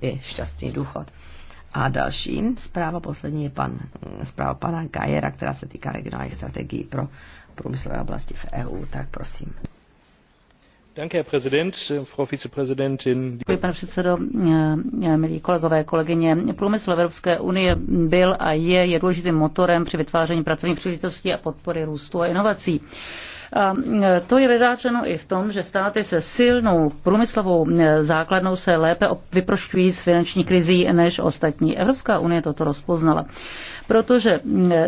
i šťastný důchod. A další zpráva poslední je pan, zpráva pana Gajera, která se týká regionálních strategií pro průmyslové oblasti v EU. Tak prosím. Děkuji, pane předsedo, eh, milí kolegové, kolegyně. Průmysl Evropské unie byl a je, je důležitým motorem při vytváření pracovních příležitostí a podpory růstu a inovací. A to je vydáčeno i v tom, že státy se silnou průmyslovou základnou se lépe vyprošťují z finanční krizí než ostatní. Evropská unie toto rozpoznala, protože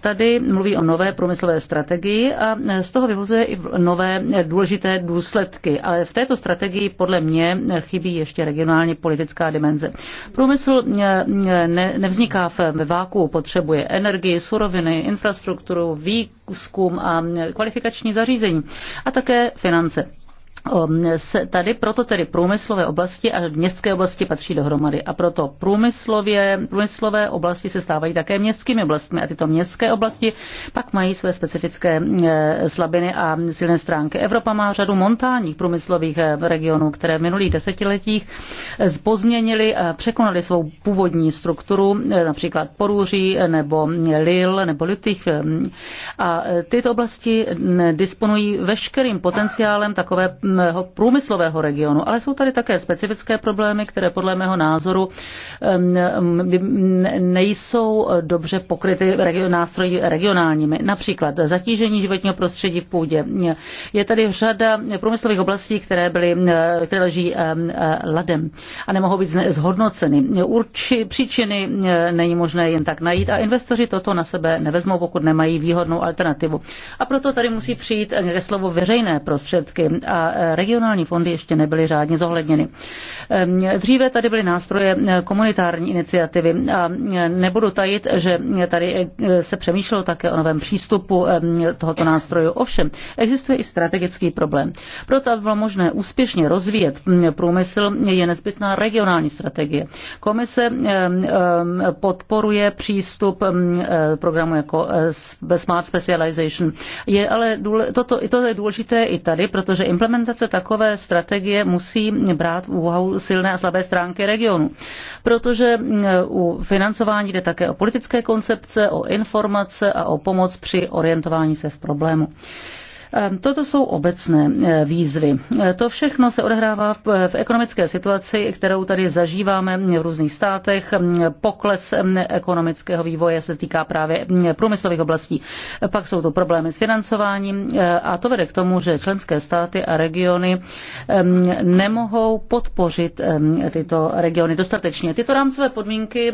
tady mluví o nové průmyslové strategii a z toho vyvozuje i nové důležité důsledky. Ale v této strategii podle mě chybí ještě regionální politická dimenze. Průmysl ne, nevzniká v váku, potřebuje energii, suroviny, infrastrukturu, výzkum a kvalifikační zařízení zařízení a také finance. Ehm, se tady proto tedy průmyslové oblasti a městské oblasti patří dohromady. A proto průmyslově, průmyslové oblasti se stávají také městskými oblastmi a tyto městské oblasti pak mají své specifické eh, slabiny a silné stránky. Evropa má řadu montánních průmyslových eh, regionů, které v minulých desetiletích eh, pozměnili a překonali svou původní strukturu, například Porůří nebo Lille nebo Lüttich. A tyto oblasti disponují veškerým potenciálem takové průmyslového regionu, ale jsou tady také specifické problémy, které podle mého názoru nejsou dobře pokryty nástroji regionálními. Například zatížení životního prostředí v půdě. Je tady řada průmyslových oblastí, které, byly, které leží ladem a nemohou být zhodnoceny. Urči, příčiny e, není možné jen tak najít a investoři toto na sebe nevezmou, pokud nemají výhodnou alternativu. A proto tady musí přijít ke slovu veřejné prostředky a regionální fondy ještě nebyly řádně zohledněny. Ehm, dříve tady byly nástroje ehm, komunitární iniciativy a ehm, nebudu tajit, že tady se přemýšlelo také o novém přístupu tohoto nástroju. Ovšem, existuje i strategický problém. Proto, aby bylo možné úspěšně rozvíjet průmysl, je nezbytná regionální strategie. Komise podporuje přístup eh, programu jako eh, Smart Specialization. Je ale toto, toto je důležité i tady, protože implementace Implementace takové strategie musí brát v úvahu silné a slabé stránky regionu, protože mm, u financování jde také o politické koncepce, o informace a o pomoc při orientování se v problému. Ehm, toto jsou obecné eh, výzvy. Eh, to všechno se odehrává v, ekonomické situaci, kterou tady zažíváme v různých státech. Ehm, pokles ehm, ekonomického vývoje se týká právě průmyslových oblastí. Pak jsou to problémy s financováním eh, a to vede k tomu, že členské státy a regiony nemohou podpořit tyto regiony dostatečně. Tyto rámcové podmínky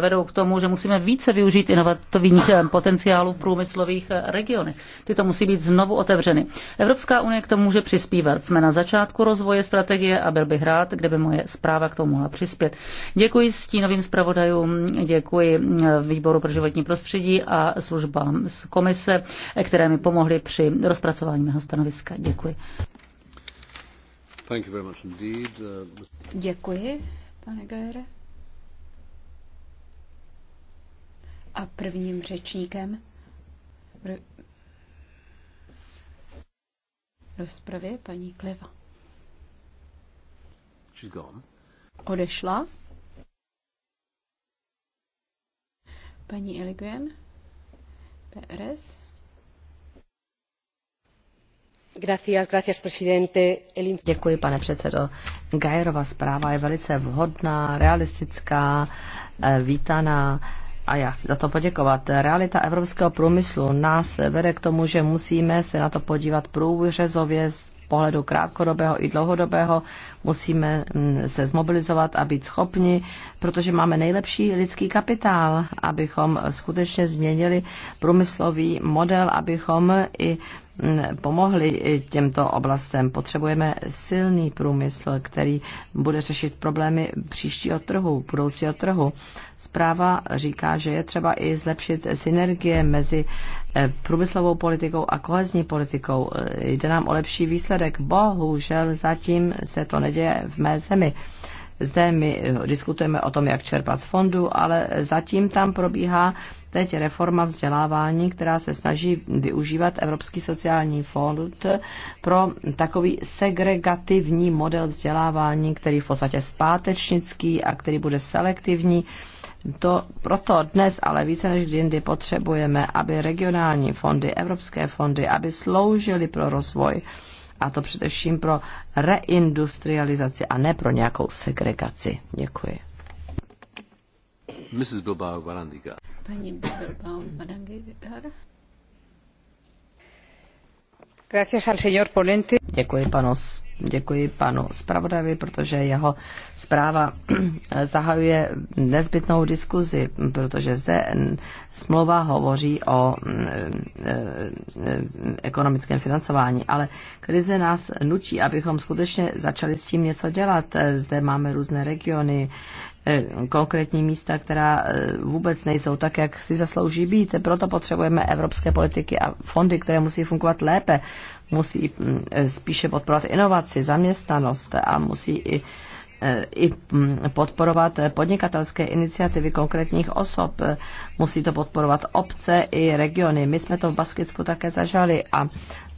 vedou k tomu, že musíme více využít inovativních potenciálů v průmyslových regionech. Tyto musí být znovu znovu otevřeny. Evropská unie k tomu může přispívat. Jsme na začátku rozvoje strategie a byl bych rád, kdyby moje zpráva k tomu mohla přispět. Děkuji stínovým zpravodajům, děkuji eh, Výboru pro životní prostředí a službám z komise, které mi pomohly při rozpracování mého stanoviska. Děkuji. Thank you very much indeed. Uh, děkuji, pane Gajere. A prvním řečníkem rozpravě paní Kleva. Odešla. Paní Eliguen, PRS. Děkuji, pane předsedo. Gajerova zpráva je velice vhodná, realistická, eh, vítaná a já chci za to poděkovat. Realita evropského průmyslu nás vede k tomu, že musíme se na to podívat průřezově z pohledu krátkodobého i dlouhodobého. Musíme mm, se zmobilizovat a být schopni, protože máme nejlepší lidský kapitál, abychom skutečně změnili průmyslový model, abychom i pomohli těmto oblastem. Potřebujeme silný průmysl, který bude řešit problémy příštího trhu, budoucího trhu. Zpráva říká, že je třeba i zlepšit synergie mezi eh, průmyslovou politikou a kohezní politikou. Eh, jde nám o lepší výsledek. Bohužel zatím se to neděje v mé zemi. Zde my eh, diskutujeme o tom, jak čerpat z fondu, ale zatím tam probíhá teď reforma vzdělávání, která se snaží využívat Evropský sociální fond pro takový segregativní model vzdělávání, který v podstatě zpátečnický a který bude selektivní. To proto dnes ale více než kdy jindy potřebujeme, aby regionální fondy, evropské fondy, aby sloužily pro rozvoj a to především pro reindustrializaci a ne pro nějakou segregaci. Děkuji. Mrs. Bilbao Barandiga. Paní Bilbao Barandiga. Gracias al señor ponente. Děkuji panu, děkuji panu zpravodajovi, protože jeho zpráva zahajuje nezbytnou diskuzi, protože zde smlouva hovoří o mm, e, e, ekonomickém financování, ale krize nás nutí, abychom skutečně začali s tím něco dělat. Zde máme různé regiony, e, konkrétní místa, která vůbec nejsou tak, jak si zaslouží být. Proto potřebujeme evropské politiky a fondy, které musí fungovat lépe musí mm, spíše podporovat inovaci, zaměstnanost a musí i e, i mm, podporovat podnikatelské iniciativy konkrétních osob. Musí to podporovat obce i regiony. My jsme to v Baskicku také zažali a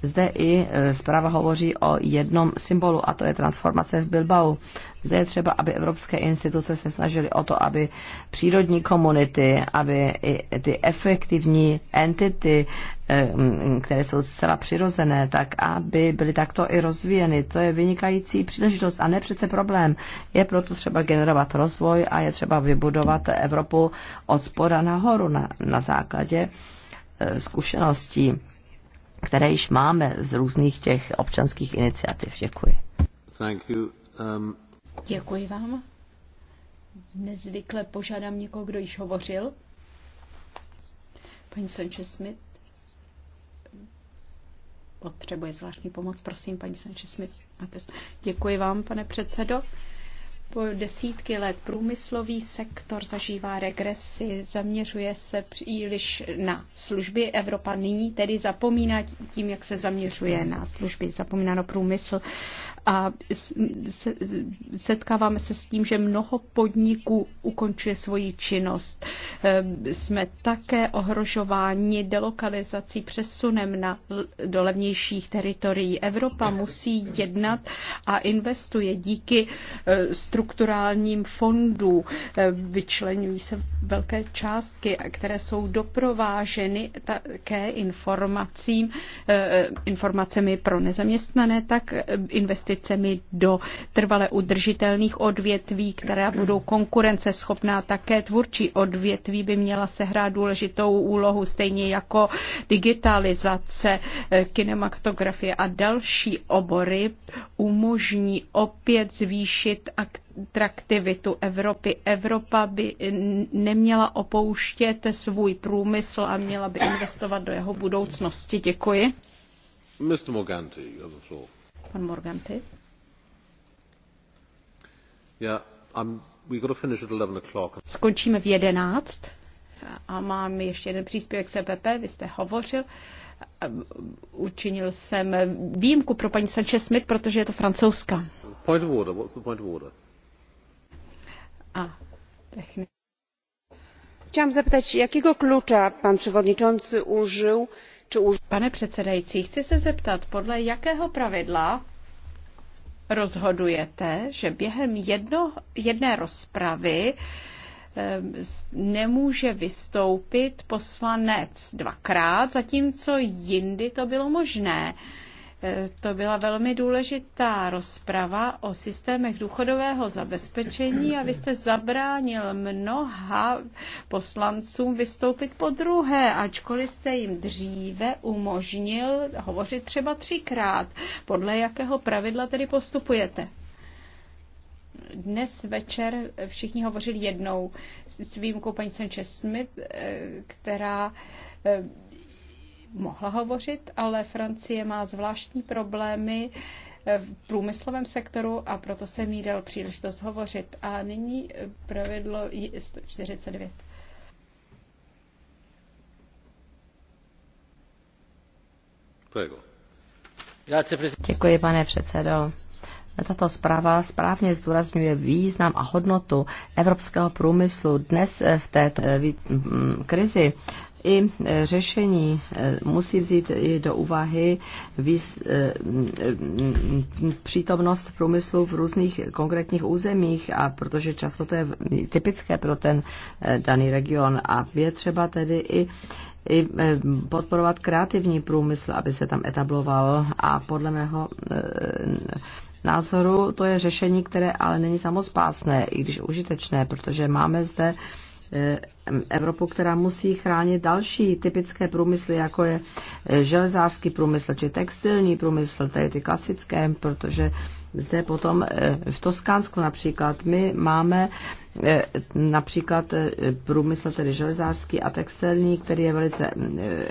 zde i e, zpráva hovoří o jednom symbolu, a to je transformace v Bilbao. Zde je třeba, aby evropské instituce se snažily o to, aby přírodní komunity, aby i ty efektivní entity, e, které jsou zcela přirozené, tak aby byly takto i rozvíjeny. To je vynikající příležitost a ne přece problém. Je proto třeba generovat rozvoj a je třeba vybudovat Evropu od spora nahoru na, na základě e, zkušeností které již máme z různých těch občanských iniciativ. Děkuji. Thank you. Um... Děkuji vám. Nezvykle požádám někoho, kdo již hovořil. Paní Sanchez Smith potřebuje zvláštní pomoc. Prosím, paní Sanchez Smith. Děkuji vám, pane předsedo. Po desítky let průmyslový sektor zažívá regresi, zaměřuje se příliš na služby. Evropa nyní tedy zapomíná tím, jak se zaměřuje na služby, zapomíná na průmysl a setkáváme se s tím, že mnoho podniků ukončuje svoji činnost. Ehm, jsme také ohrožováni delokalizací přesunem na, do levnějších teritorií. Evropa musí jednat a investuje díky e, strukturálním fondů. Ehm, vyčlenují se velké částky, které jsou doprováženy také informacím, e, e, informacemi pro nezaměstnané, tak investice investicemi do trvale udržitelných odvětví, která budou konkurenceschopná. Také tvůrčí odvětví by měla sehrát důležitou úlohu, stejně jako digitalizace, eh, kinematografie a další obory umožní opět zvýšit aktivitu atraktivitu Evropy. Evropa by eh, neměla opouštět svůj průmysl a měla by investovat do jeho budoucnosti. Děkuji. Mr. Morganti, you have the floor. Skončíme v 11 a mám ještě jeden příspěvek CPP, e vy jste hovořil. Ehm, učinil jsem výjimku pro paní Sanchez Smith, protože je to francouzská. Point of order, what's the point of order? A, technik. Chciałam zapytać, jakiego klucza pan przewodniczący użył Pane předsedající, chci se zeptat, podle jakého pravidla rozhodujete, že během jedno, jedné rozpravy eh, nemůže vystoupit poslanec dvakrát, zatímco jindy to bylo možné. Eh, to byla velmi důležitá rozprava o systémech důchodového zabezpečení a vy jste zabránil mnoha poslancům vystoupit po druhé, ačkoliv jste jim dříve umožnil hovořit třeba třikrát. Podle jakého pravidla tedy postupujete? dnes večer všichni hovořili jednou s výjimkou paní Sanchez Smith, eh, která eh, mohla hovořit, ale Francie má zvláštní problémy eh, v průmyslovém sektoru a proto jsem jí dal příležitost hovořit. A nyní eh, pravidlo 49. Děkuji, pane předsedo. Tato zpráva správně zdůrazňuje význam a hodnotu evropského průmyslu dnes eh, v této krizi i e, řešení e, musí vzít i do úvahy e, přítomnost průmyslu v různých konkrétních územích, a protože často to je typické pro ten daný region a je třeba tedy i i podporovat kreativní průmysl, aby se tam etabloval a podle mého názoru to je řešení, které ale není samozpásné, i když užitečné, protože máme zde Eh, Evropu, která musí chránit další typické průmysly, jako je eh, železářský průmysl či textilní průmysl, tady ty klasické, protože zde potom eh, v Toskánsku například my máme například průmysl tedy železářský a textilní, který je velice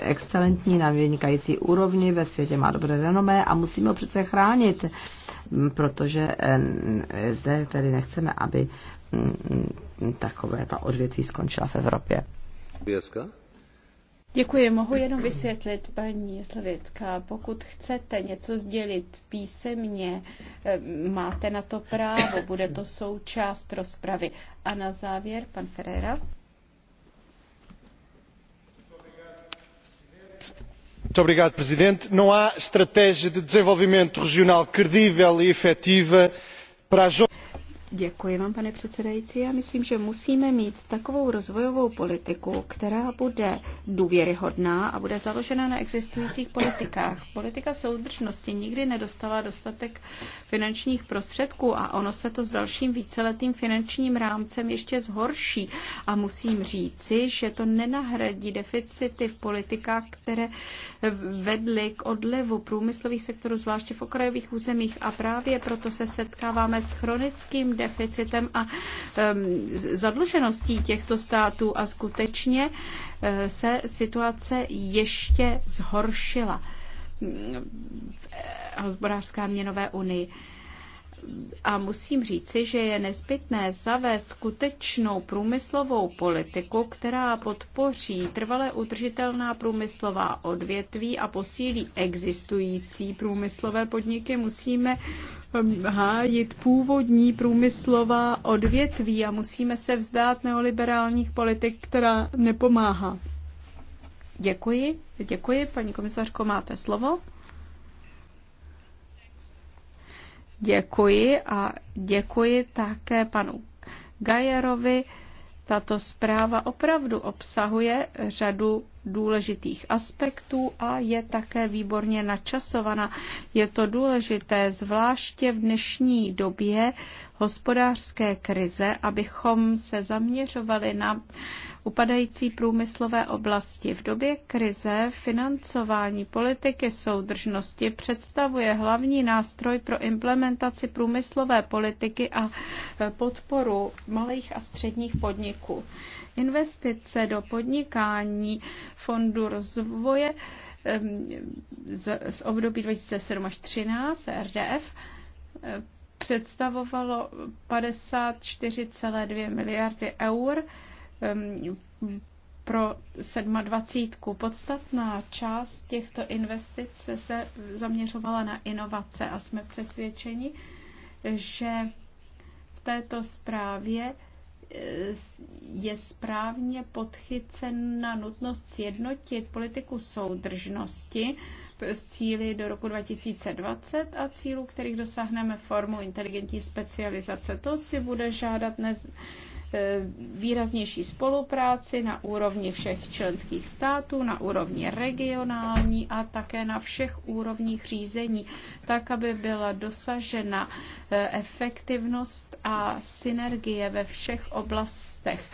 excelentní na vynikající úrovni, ve světě má dobré renomé a musíme ho přece chránit, mm, protože zde tedy nechceme, aby takové ta odvětví skončila v Evropě. Běska? Děkuji, mohu jenom vysvětlit, paní Slavětka, pokud chcete něco sdělit písemně, eh, máte na to právo, bude to součást rozpravy. A na závěr, pan Ferreira. Obrigado, Presidente. Não há estratégia de desenvolvimento regional credível e efetiva para as Děkuji vám, pane předsedající. Já myslím, že musíme mít takovou rozvojovou politiku, která bude důvěryhodná a bude založena na existujících politikách. Politika soudržnosti nikdy nedostala dostatek finančních prostředků a ono se to s dalším víceletým finančním rámcem ještě zhorší. A musím říci, že to nenahradí deficity v politikách, které vedly k odlevu průmyslových sektorů, zvláště v okrajových územích. A právě proto se setkáváme s chronickým deficitem a um, zadlužeností těchto států a skutečně uh, se situace ještě zhoršila v hospodářské měnové unii. A musím říci, že je nezbytné zavést skutečnou průmyslovou politiku, která podpoří trvale udržitelná průmyslová odvětví a posílí existující průmyslové podniky. Musíme um, hájit původní průmyslová odvětví a musíme se vzdát neoliberálních politik, která nepomáhá. Děkuji. Děkuji. Paní komisařko, máte slovo. Děkuji a děkuji také panu Gajerovi. Tato zpráva opravdu obsahuje řadu důležitých aspektů a je také výborně načasovaná. Je to důležité, zvláště v dnešní době hospodářské krize, abychom se zaměřovali na upadající průmyslové oblasti. V době krize financování politiky soudržnosti představuje hlavní nástroj pro implementaci průmyslové politiky a podporu malých a středních podniků. Investice do podnikání Fondu rozvoje z, období 2007 až 2013 RDF představovalo 54,2 miliardy eur pro 27. Podstatná část těchto investic se zaměřovala na inovace a jsme přesvědčeni, že v této zprávě eh, je správně podchycena nutnost sjednotit politiku soudržnosti s cíly do roku 2020 a cílů, kterých dosáhneme formou inteligentní specializace. To si bude žádat nez, E, výraznější spolupráci na úrovni všech členských států, na úrovni regionální a také na všech úrovních řízení, tak, aby byla dosažena e, efektivnost a synergie ve všech oblastech.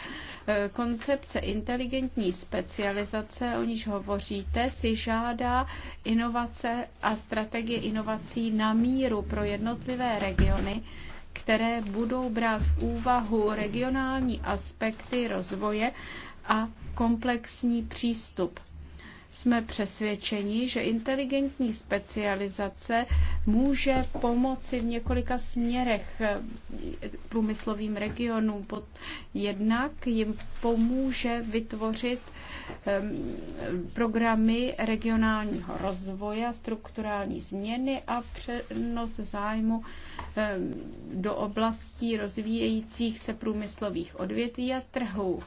E, koncepce inteligentní specializace, o níž hovoříte, si žádá inovace a strategie inovací na míru pro jednotlivé regiony, které budou brát v úvahu regionální aspekty rozvoje a komplexní přístup jsme přesvědčeni, že inteligentní specializace může pomoci v několika směrech průmyslovým regionům. Jednak jim pomůže vytvořit programy regionálního rozvoje, strukturální změny a přenos zájmu do oblastí rozvíjejících se průmyslových odvětví a trhů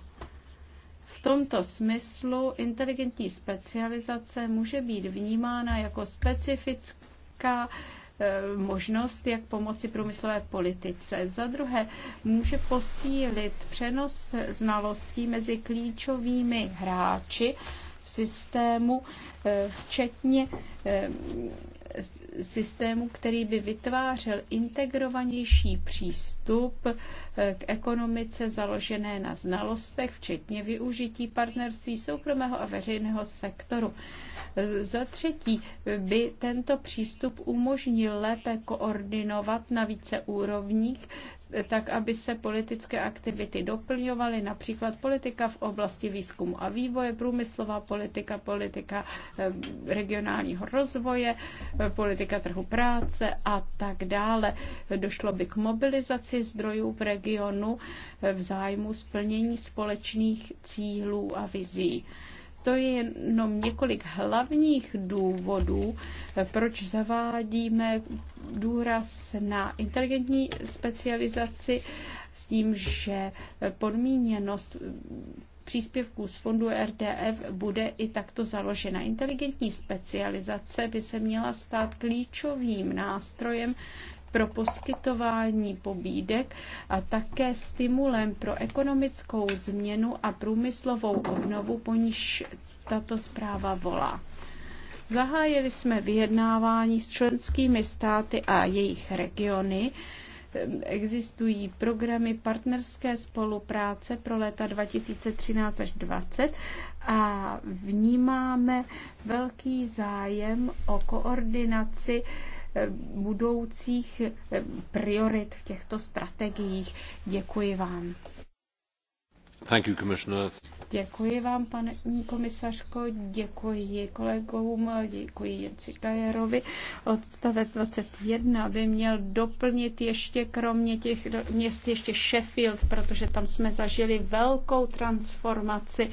tomto smyslu inteligentní specializace může být vnímána jako specifická eh, možnost, jak pomoci průmyslové politice. Za druhé, může posílit přenos znalostí mezi klíčovými hráči v systému, eh, včetně eh, systému, který by vytvářel integrovanější přístup eh, k ekonomice založené na znalostech, včetně využití partnerství soukromého a veřejného sektoru. Eh, za třetí by tento přístup umožnil lépe koordinovat na více úrovních tak aby se politické aktivity doplňovaly, například politika v oblasti výzkumu a vývoje, průmyslová politika, politika regionálního rozvoje, politika trhu práce a tak dále. Došlo by k mobilizaci zdrojů v regionu v zájmu splnění společných cílů a vizí. To je jenom několik hlavních důvodů, proč zavádíme důraz na inteligentní specializaci s tím, že podmíněnost příspěvků z fondu RDF bude i takto založena. Inteligentní specializace by se měla stát klíčovým nástrojem pro poskytování pobídek a také stimulem pro ekonomickou změnu a průmyslovou obnovu, po níž tato zpráva volá. Zahájili jsme vyjednávání s členskými státy a jejich regiony. Existují programy partnerské spolupráce pro léta 2013 až 2020 a vnímáme velký zájem o koordinaci budoucích eh, priorit v těchto strategiích. Děkuji vám. Thank you, Commissioner. Děkuji vám, paní komisařko, děkuji kolegům, děkuji Jenci Kajerovi. Odstavec 21 by měl doplnit ještě kromě těch měst ještě Sheffield, protože tam jsme zažili velkou transformaci.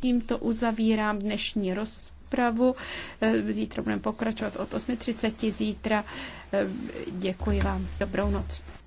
Tímto uzavírám dnešní rozprávu rozpravu. Eh, zítra budeme pokračovat od 8.30. Zítra eh, děkuji vám. Dobrou noc.